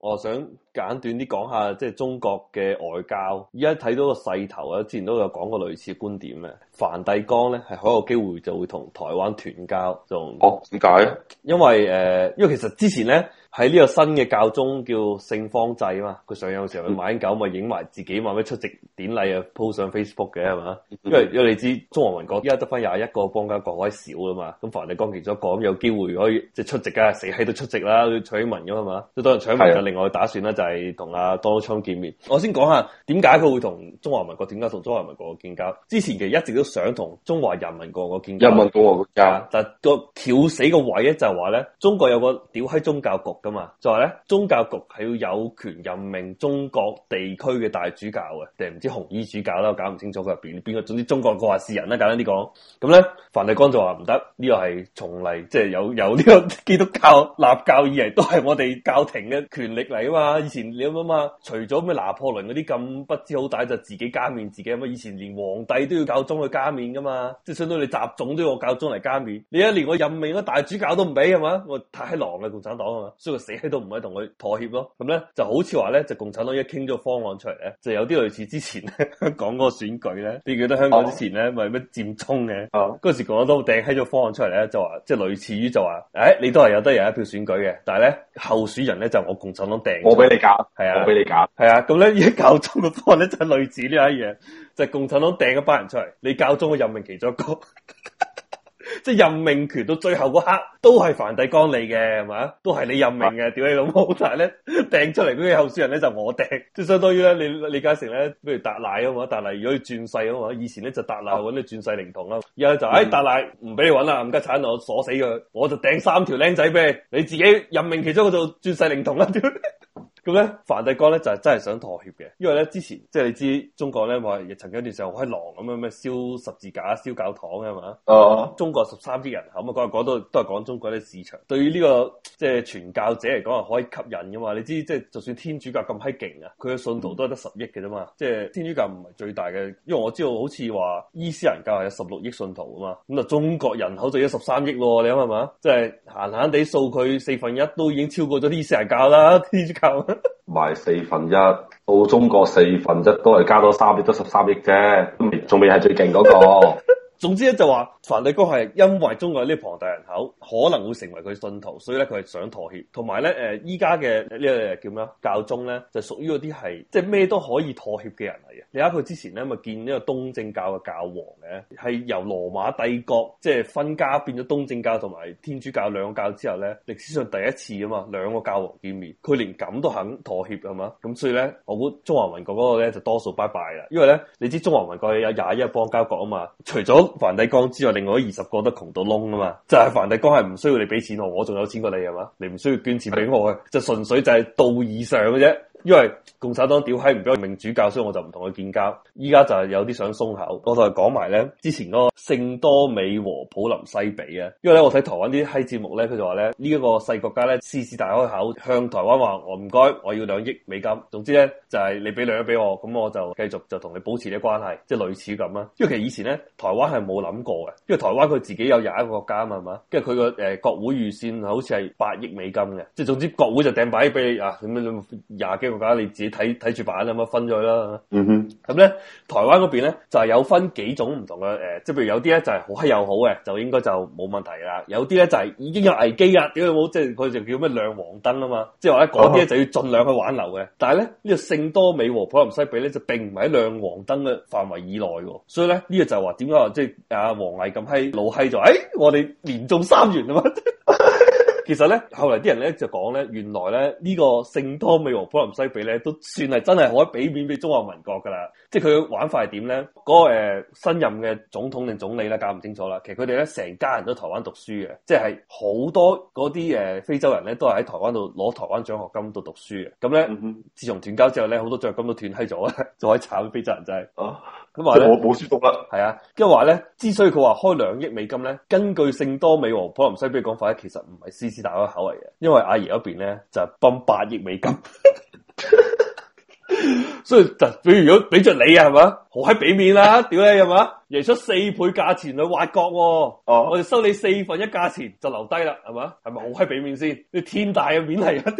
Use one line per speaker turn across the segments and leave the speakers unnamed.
我想簡短啲講下，即係中國嘅外交。依家睇到個勢頭啊，之前都有講過類似觀點嘅。梵蒂岡咧，係好有機會就會同台灣斷交。仲哦，點解？因為誒、呃，因為其實之前咧喺呢個新嘅教宗叫聖方濟嘛，佢上任嘅時候佢買狗咪影埋自己嘛，話咩出席典禮啊 po 上 Facebook 嘅係嘛，因為因為你知中華民國，依家得翻廿一個邦家，國威少啦嘛。咁梵蒂岡其中一個有機會可以即係出席啊，死喺度出席啦，取民咁啊嘛，都多人取民另外打算咧就係同阿多昌見面。我先講下點解佢會同中華民國點解同中華民國建交？之前其實一直都想同中華人民國個建交。民國啊，但個撬死個位咧就係話咧，中國有個屌喺宗教局噶嘛，就話、是、咧宗教局係要有權任命中國地區嘅大主教嘅，定唔知紅衣主教啦，我搞唔清楚佢入邊邊個。總之中國個話事人咧、啊，簡單啲講，咁咧梵蒂岡就話唔得，呢、這個係從嚟，即係有有呢、這個基督教立教以嚟都係我哋教廷嘅權。嚟啊嘛！以前你諗啊嘛，除咗咩拿破崙嗰啲咁不知好歹，就自己加冕自己咁啊！以前連皇帝都要教宗去加冕噶嘛，即係相當你集總都要我教宗嚟加冕。你一連我任命個大主教都唔俾係嘛？我太狼啦，共產黨啊嘛，所以我死喺度唔可以同佢妥協咯。咁咧就好似話咧，就共產黨一傾咗方案出嚟咧，就有啲類似之前咧 講嗰個選舉咧。你記得香港之前咧，咪咩、oh. 佔中嘅？嗰、oh. 時共產黨掟起咗方案出嚟咧，就話即係類似於就話，誒、哎，你都係有得有一票選舉嘅，但係咧候選人咧就是、我共產我俾你搞，係啊，我俾你搞，係啊，咁咧而家教中教宗嘅方案咧就係類似呢一樣，就係共產黨掟一班人出嚟，你教宗嘅任命其中一個。 即任命權到最後嗰刻都係梵蒂岡嚟嘅，係咪？都係你任命嘅。屌 你老母，但係咧掟出嚟嗰啲候選人咧就我掟。即相當於咧你李嘉誠咧，不如達賴啊嘛，達賴如果要轉世啊嘛，以前咧就達賴揾你轉世靈童啦。而家就誒達賴唔俾你揾啦，冚家鏟我鎖死佢，我就掟三條僆仔俾你，你自己任命其中嗰度轉世靈童啦。 咁咧，梵蒂岡咧就係、是、真係想妥協嘅，因為咧之前即係你知中國咧話亦曾經一段時候好閪狼咁樣咩燒十字架、燒教堂嘅嘛？哦，嗯、中國十三億人口啊，講講到都係講中國啲市場，對於呢、這個即係、就是、傳教者嚟講係可以吸引嘅嘛。你知即係就算天主教咁閪勁啊，佢嘅信徒都係得十億嘅啫嘛。即係天主教唔係最大嘅，因為我知道好似話伊斯蘭教係有十六億信徒啊嘛。咁啊，中國人口就有十三億咯，你諗係嘛？即、就、係、是、閒閒地數佢四分一都已經超過咗伊斯蘭教啦，天主教。係四分一，到中國四分一都係加多三億，都十三億啫，都仲未係最勁嗰個。 總之咧，就話梵蒂岡係因為中國呢龐大人口可能會成為佢信徒，所以咧佢係想妥協。同埋咧，誒依家嘅呢個叫咩、這個這個這個、教宗咧，就屬於嗰啲係即係咩都可以妥協嘅人嚟嘅。你睇佢之前咧咪、就是、見呢個東正教嘅教皇嘅，係由羅馬帝國即係、就是、分家變咗東正教同埋天主教兩個教之後咧，歷史上第一次啊嘛，兩個教皇見面，佢連咁都肯妥協係嘛？咁所以咧，我估中華民國嗰個咧就多數拜拜啦，因為咧你知中華民國有廿一邦交國啊嘛，除咗。梵蒂岡之外，另外二十個都窮到窿啊嘛，就係梵蒂岡係唔需要你畀錢我，我仲有錢過你係嘛，你唔需要捐錢畀我嘅，的就純粹就係道義上嘅啫。因為共產黨屌閪唔俾佢命主教，所以我就唔同佢建交。依家就係有啲想鬆口。我同佢講埋咧，之前嗰、那個聖多美和普林西比啊，因為咧我睇台灣啲閪節目咧，佢就話咧呢一個細國家咧，獅子大開口，向台灣話我唔該，我要兩億美金。總之咧就係、是、你俾兩億俾我，咁我就繼續就同你保持啲關係，即係類似咁啦。因為其實以前咧，台灣係冇諗過嘅，因為台灣佢自己有廿一個國家啊嘛，跟住佢個誒國會預算好似係八億美金嘅，即係總之國會就掟百億俾你啊，咁樣廿幾。咁梗係你自己睇睇住板咁樣分咗佢啦。嗯哼，咁咧台灣嗰邊咧就係有分幾種唔同嘅誒、呃，即係譬如有啲咧就係、是、好閪又好嘅，就應該就冇問題啦。有啲咧就係、是、已經有危機啊，屌你冇，即係佢就叫咩亮黃燈啊嘛。即係話咧嗰啲就要儘量去挽留嘅。但係咧呢、這個聖多美和普林西比咧就並唔係喺亮黃燈嘅範圍以內喎。所以咧呢、這個就係話點解即係阿王毅咁閪老閪就誒、哎，我哋連中三元啊嘛～ 其實咧，後嚟啲人咧就講咧，原來咧呢、這個聖多美和普林西比咧都算係真係可以俾面俾中華民國㗎啦。即係佢玩法係點咧？嗰、那個、呃、新任嘅總統定總理咧搞唔清楚啦。其實佢哋咧成家人都台灣讀書嘅，即係好多嗰啲誒非洲人咧都係喺台灣度攞台灣獎學金度讀書嘅。咁咧，嗯、哼自從斷交之後咧，好多獎學金都斷閪咗，仲係慘非洲人仔。 咁啊，我冇書讀啦。係啊，因為話咧，之所以佢話開兩億美金咧，根據聖多美和普林西比講法咧，其實唔係獅子大開口嚟嘅，因為阿爺嗰邊咧就係泵八億美金，所以就比如如果俾着你啊，係嘛，好閪俾面啦，屌你係嘛，贏出四倍價錢去挖角，哦，我哋收你四分一價錢就留低啦，係嘛，係咪好閪俾面先？你天大嘅面嚟啊！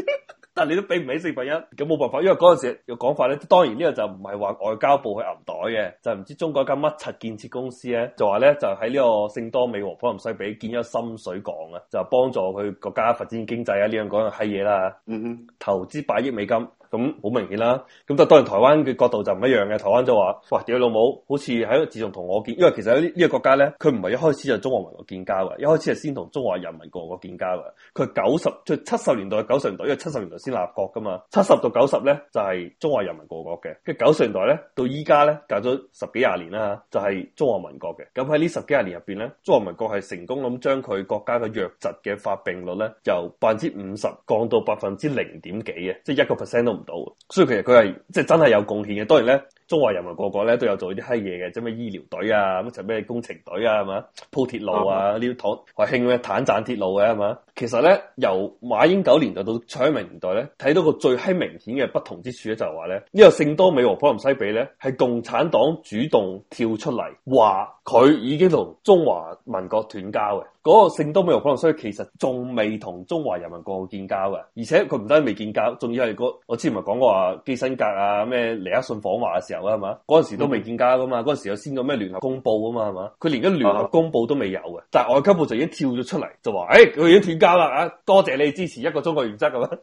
但你都俾唔起四分一，咁冇辦法，因為嗰陣時有講法咧，當然呢個就唔係話外交部去銀袋嘅，就唔、是、知中國一間乜柒建設公司咧，就話咧就喺、是、呢個聖多美和普林西比建咗深水港啊，就幫、是、助佢國家發展經濟啊呢樣嗰樣閪嘢啦，嗯嗯，投資百億美金。咁好明顯啦、啊，咁就係當然台灣嘅角度就唔一樣嘅，台灣就話，哇屌老母，好似喺度自從同我建，因為其實呢呢個國家咧，佢唔係一開始就中華民國建交嘅，一開始係先同中華人民共和國建交嘅。佢九十即係七十年代九十年代，因為七、就是、十,十年代先立國噶嘛，七十到九十咧就係中華人民共和國嘅，跟住九十年代咧到依家咧隔咗十幾廿年啦就係中華民國嘅。咁喺呢十幾廿年入邊咧，中華民國係成功咁將佢國家嘅瘧疾嘅發病率咧由百分之五十降到百分之零點幾嘅，即係一個 percent 都。唔到，所以其實佢係即係真係有貢獻嘅。當然咧。中華人民各國咧都有做啲嗨嘢嘅，即係咩醫療隊啊，乜就咩工程隊啊，係嘛，鋪鐵路啊，呢啲糖還興咩坦贊鐵路嘅係嘛。其實咧，由馬英九年代到蔡英文年代咧，睇到個最閪明顯嘅不同之處咧、就是，就係話咧呢個聖多美和普林西比咧係共產黨主動跳出嚟，話佢已經同中華民國斷交嘅。嗰、那個聖多美和普林西比其實仲未同中華人民國建交嘅，而且佢唔單止未建交，仲要係我之前咪講過話基辛格啊咩尼克遜訪華嘅時候。係嘛？嗰陣時都未建交噶嘛，嗰陣時有先咗咩聯合公報啊嘛，係嘛？佢連個聯合公報都未有嘅，但係外交部就已經跳咗出嚟就話，誒， 佢已經斷交啦！啊， 多謝你支持一個中國原則咁啊。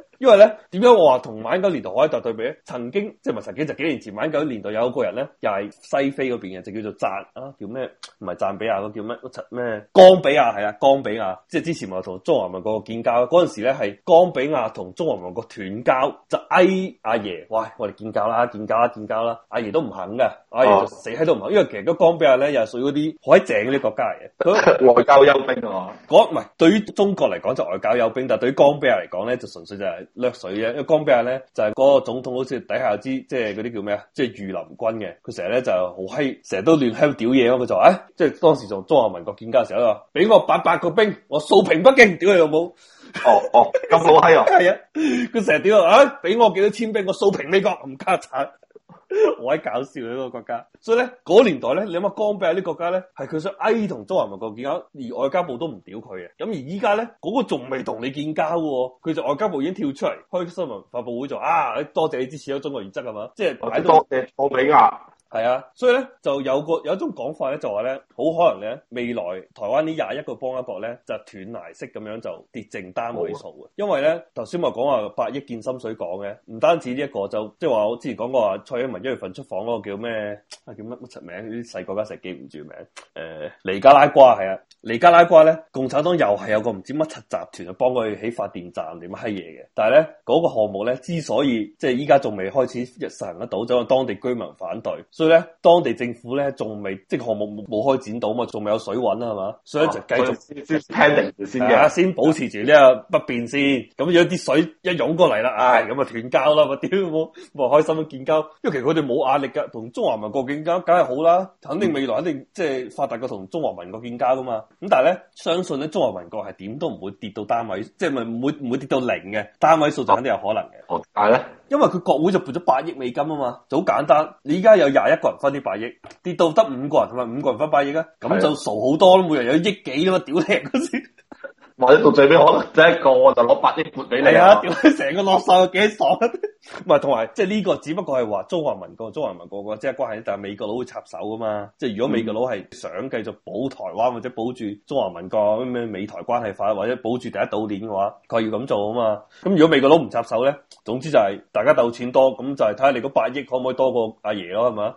因為咧，點解我話同晚九年代海達對比咧？曾經即係咪曾經？就幾年前晚九年代有一個人咧，又係西非嗰邊嘅，就叫做贊啊，叫咩？唔係贊比亞嗰叫咩？咩岡比亞係啊？岡比亞即係之前咪同中華民國建交嗰陣時咧，係岡比亞同中華民國斷交就誒，阿爺，喂，我哋建交啦，建交啦，建交啦，阿爺都唔肯嘅，阿爺就死喺度唔肯，因為其實嗰岡比亞咧又係屬於啲海靜嗰啲國家嚟嘅，佢外交傭兵喎，啊。嗰唔係對於中國嚟講就外交傭兵，但對於岡比亞嚟講咧就純粹就係、是。掠水嘅，因為江邊咧就係、是、嗰個總統，好似底下支即係嗰啲叫咩、就是就是、啊？即係御林軍嘅，佢成日咧就好閪，成日都亂喺度屌嘢咯。佢就話，即係當時仲中華民國建交時候，俾我八百個兵，我掃平北京，屌你老母、哦！哦哦，咁好閪啊！係 啊，佢成日屌啊，俾我幾多千兵，我掃平呢國，冚家鏟！ 我喺搞笑呢，那個國家，所以咧嗰，那個，年代咧，你諗下剛比亞啲國家咧，係佢想 A 同中華人民共和國建交，而外交部都唔屌佢嘅。咁而依家咧，嗰，那個仲未同你建交，佢就外交部已經跳出嚟開新聞發布會就啊，多謝你支持中國原則係嘛，即係擺多謝我比亞。係啊，所以咧就有個有一種講法咧，就話咧好可能咧未來台灣呢廿一個邦一國咧就斷崖式咁樣就跌剩單位數嘅，的因為咧頭先我講話八億建深水港嘅，唔單止呢、這、一個就即係話我之前講過話蔡英文一月份出訪嗰個叫咩啊，叫乜乜柒名啲細國家成記唔住名，誒、呃、尼加拉瓜係啊，尼加拉瓜咧共產黨又係有個唔知乜柒集團啊幫佢起發電站點乜閪嘢嘅，但係咧嗰個項目咧之所以即係依家仲未開始實行得到，就係、是、當地居民反對。所以咧，當地政府咧仲未即係項目冇開展到嘛，仲未有水揾啊，係嘛？所以就繼續 pending、哦、先嘅，先，先，先，先保持住呢、呢個 不變先。咁樣啲水一湧過嚟啦，唉、哎，咁啊斷交啦！我屌我，我開心啊建交，因為其實佢哋冇壓力噶，同中華民國建交梗係好啦，肯定未來肯定即係發達過同中華民國建交噶嘛。咁但係咧，相信咧中華民國係點都唔會跌到單位，即係唔會唔會跌到零嘅單位數就肯定有可能嘅。哦、啊，係、啊、咧。啊。因為佢國會就撥咗八億美金啊嘛，就好簡單。你依家有廿一個人分啲八億，跌到得五個人同埋五個人分八億啊，咁就傻好多咯，每人有億幾啊嘛，屌你嗰時， 或者到最尾可能得一個我就攞八億撥俾你啊，屌你成個落手幾爽！唔係，同埋即係呢個只不過係話中華民國、中華民國個即係關係，但係美國佬會插手噶嘛，即係如果美國佬係想繼續保台灣或者保住中華民國咩咩美台關係法，或者保住第一島鏈嘅話，佢要咁做啊嘛。咁如果美國佬唔插手咧，總之就係大家鬥錢多，咁就係睇下你個百億可唔可以多過阿爺咯？係嘛？